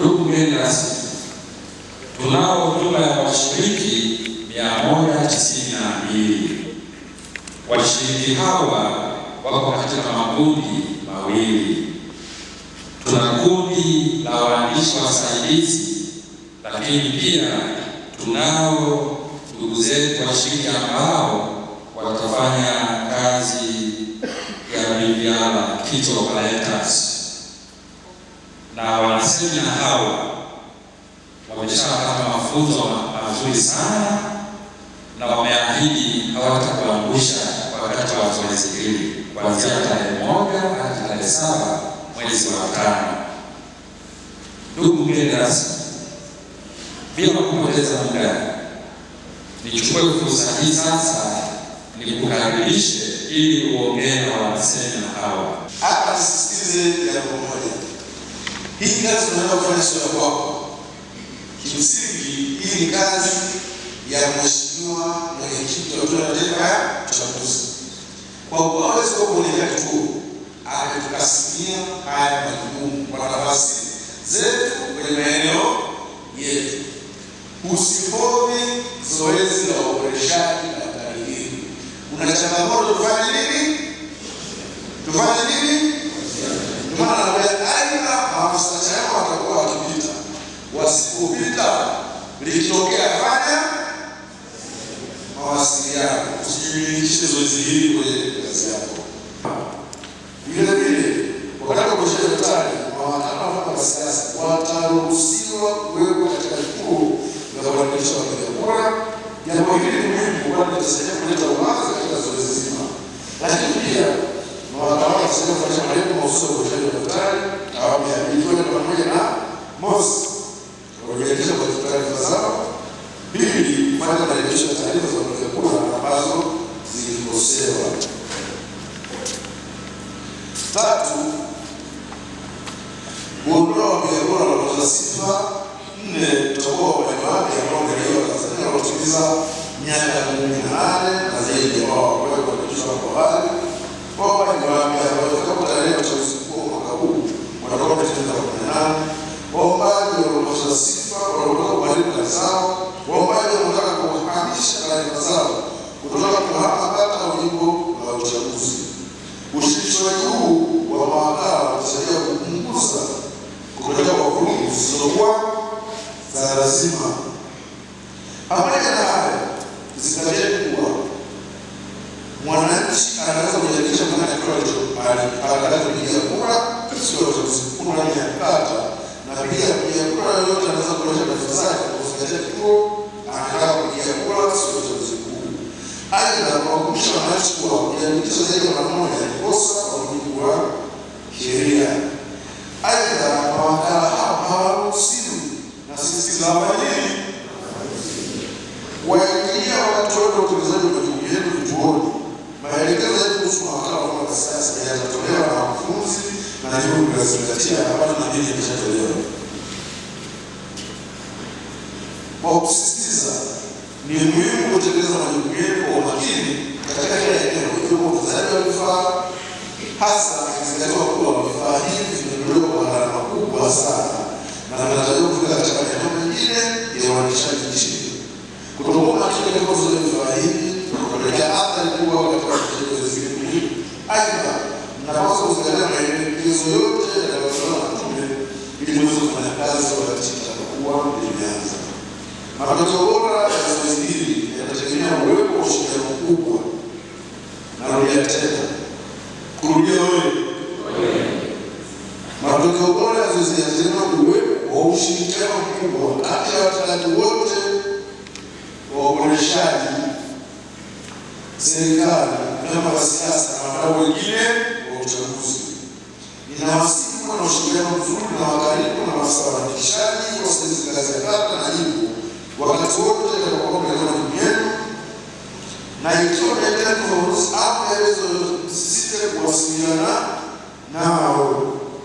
Ndugu mgeni rasmi, tunao jumla ya washiriki mia na Washiriki hawa wako katika makundi mawili. Tuna kundi la waandishi wasaidizi, lakini pia tunao ndugu zetu washiriki ambao watafanya kazi ya bibiala kito na wanasemina hao wameshapata mafunzo mazuri sana na wameahidi hawatakuangusha wakati wa zoezi hili kuanzia tarehe moja hadi tarehe saba mwezi wa tano. Ndugu mgeni rasmi, bila kupoteza muda, nichukue fursa hii sasa nikukaribishe ili uongee na wanasemina hawa. Hapa ah, sisitize ya pamoja hii kazi tunaenda kufanya sio ya kwako. Kimsingi hii ni kazi ya mheshimiwa mwenyekiti wa Tume ya Taifa ya Uchaguzi. Kwa kuwa hawezi kuwa kuelekea kituo, ametukasimia haya majukumu kwa nafasi zetu kwenye maeneo yetu. Usipove zoezi la uboreshaji na utabiri. Una changamoto, tufanye nini? Tufanye nini? Ndio maana yako, usijimilikishe zoezi hili kwenye kazi yako. Vile vile watakaposhia daktari mawakala wa siasa wataruhusiwa kuwekwa katika vituo vya kuandikisha wapiga kura. Jambo hili ni muhimu, kwani litasaidia kuleta uwazi katika zoezi zima, lakini pia mawakala watasaidia kufanyisha malengo mahususi ya uboreshaji wa daktari awamu ya pili, ikiwa ni pamoja na mosi, kujiandikisha kwa taarifa zao; pili, kufanya marekebisho ya taarifa za ambazo zilikosewa. Tatu, kuondoa wapiga kura wanaokosa sifa. Nne, tutakuwa wanyamadi wanaoangaliwa Tanzania wanaotimiza miaka kumi na nane na zaidi ya wao wakuwekwa kujuza hapo awali kwamba ni wapya watakapo tarehe ya uchaguzi mkuu mwaka huu watakuwa wametimiza kumi na nane uzima. Pamoja na hayo, zingatieni kuwa mwananchi anaweza kujiandikisha kufanya tocho atakaza kupiga kura, sio kura ya kata, na pia kupiga kura yoyote anaweza kuonyesha taarifa zake kwa kuzingatia kituo anataka kupiga kura, sio uchaguzi mkuu. Aidha, kuwakumbusha wananchi kuwa kujiandikisha zaidi ya mara moja ni kosa kwa mujibu wa sheria. Aidha, kwa najaribu kuzingatia ambayo naamini imeshatolewa kwa kusisitiza. Ni muhimu kutekeleza majukumu yetu kwa umakini katika kila eneo, ikiwemo utunzaji wa vifaa, hasa ikizingatiwa kuwa vifaa hivi vimeondolewa kwa gharama kubwa sana na vinatarajiwa kufika katika maeneo mengine ya uendeshaji nchini. Kutokuwa makini katika utunzaji vifaa hivi kunapelekea athari kubwa katika uendeshaji wa Aidha, napaswa kuzingatia maelekezo yote yanayotolewa na tume ili niweze kufanya kazi kwa ratiba itakayokuwa imeanza. Matokeo bora ya zoezi hili yatategemea uwepo wa ushirikiano mkubwa. Narudia tena, kurudia wewe, matokeo bora ya zoezi yatategemea uwepo wa ushirikiano mkubwa kati ya watendaji wote wa uboreshaji, serikali, vyama vya siasa na wadau wengine uchaguzi. Ninawasihi kuwa na ushirikiano mzuri na wakaribu na maafisa waandikishaji, wasaidizi ngazi ya kata na jimbo, wakati wote atakapokuwa mnaelewa majukumu yenu, na ikiwa mnaendelea kufafanuzi au maelezo yoyote, msisite kuwasiliana nao.